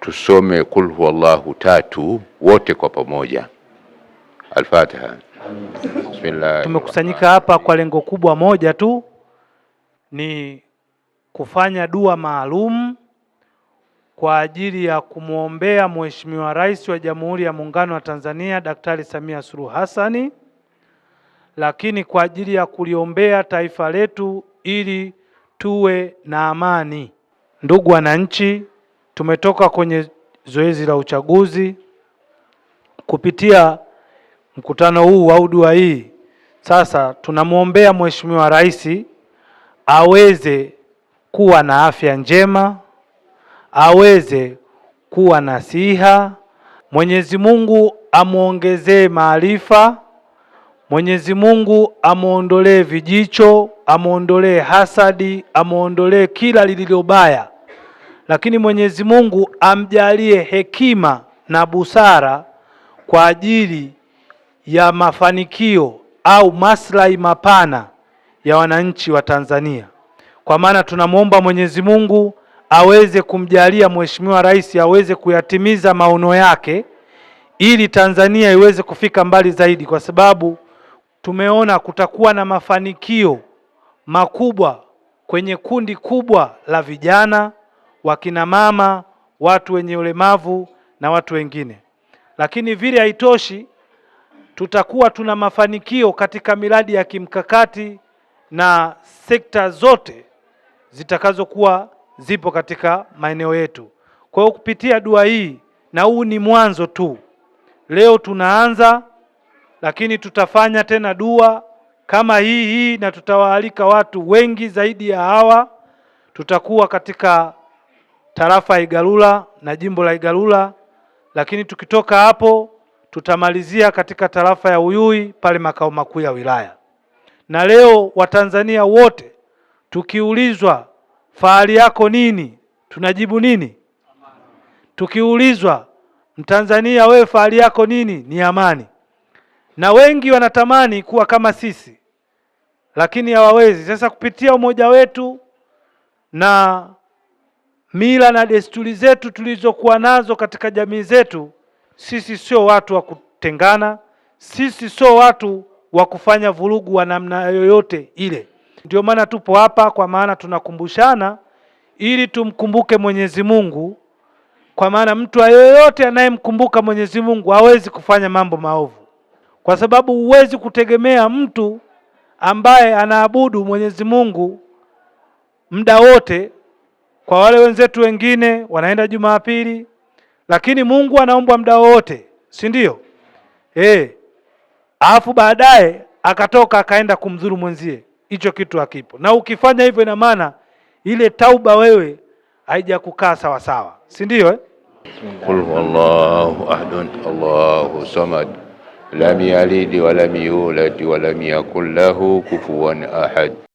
tusome kul huwallahu tatu wote kwa pamoja. Alfatiha. Bismillah. Tumekusanyika hapa kwa lengo kubwa moja tu, ni kufanya dua maalum kwa ajili ya kumwombea Mheshimiwa Rais wa Jamhuri ya Muungano wa Tanzania Daktari Samia Suluhu Hassani, lakini kwa ajili ya kuliombea taifa letu ili tuwe na amani. Ndugu wananchi, Tumetoka kwenye zoezi la uchaguzi kupitia mkutano huu au dua hii. Sasa tunamwombea Mheshimiwa Rais aweze kuwa na afya njema, aweze kuwa na siha. Mwenyezi Mungu amwongezee maarifa. Mwenyezi Mungu amwondolee vijicho, amwondolee hasadi, amwondolee kila lililobaya lakini Mwenyezi Mungu amjalie hekima na busara kwa ajili ya mafanikio au maslahi mapana ya wananchi wa Tanzania. Kwa maana tunamwomba Mwenyezi Mungu aweze kumjalia Mheshimiwa Rais aweze kuyatimiza maono yake ili Tanzania iweze kufika mbali zaidi, kwa sababu tumeona kutakuwa na mafanikio makubwa kwenye kundi kubwa la vijana wakina mama, watu wenye ulemavu na watu wengine. Lakini vile haitoshi, tutakuwa tuna mafanikio katika miradi ya kimkakati na sekta zote zitakazokuwa zipo katika maeneo yetu. Kwa hiyo kupitia dua hii, na huu ni mwanzo tu, leo tunaanza, lakini tutafanya tena dua kama hii hii, na tutawaalika watu wengi zaidi ya hawa. Tutakuwa katika tarafa ya Igalula na jimbo la Igalula, lakini tukitoka hapo tutamalizia katika tarafa ya Uyui pale makao makuu ya wilaya. Na leo Watanzania wote tukiulizwa fahari yako nini, tunajibu nini? Tukiulizwa Mtanzania, wewe fahari yako nini? Ni amani. Na wengi wanatamani kuwa kama sisi, lakini hawawezi. Sasa kupitia umoja wetu na mila na desturi zetu tulizokuwa nazo katika jamii zetu, sisi sio watu wa kutengana, sisi sio watu wa kufanya vurugu wa namna yoyote ile. Ndio maana tupo hapa, kwa maana tunakumbushana ili tumkumbuke Mwenyezi Mungu, kwa maana mtu yeyote anayemkumbuka Mwenyezi Mungu hawezi kufanya mambo maovu, kwa sababu huwezi kutegemea mtu ambaye anaabudu Mwenyezi Mungu muda wote kwa wale wenzetu wengine wanaenda Jumapili, lakini Mungu anaombwa muda wote, si ndio? Eh, alafu baadaye akatoka akaenda kumdhuru mwenzie, hicho kitu hakipo. Na ukifanya hivyo, ina maana ile tauba wewe haijakukaa sawa sawa, si ndio eh? Qul huwallahu Allahu samad lam yalid wa lam yulad wa lam yakul lahu kufuwan ahad.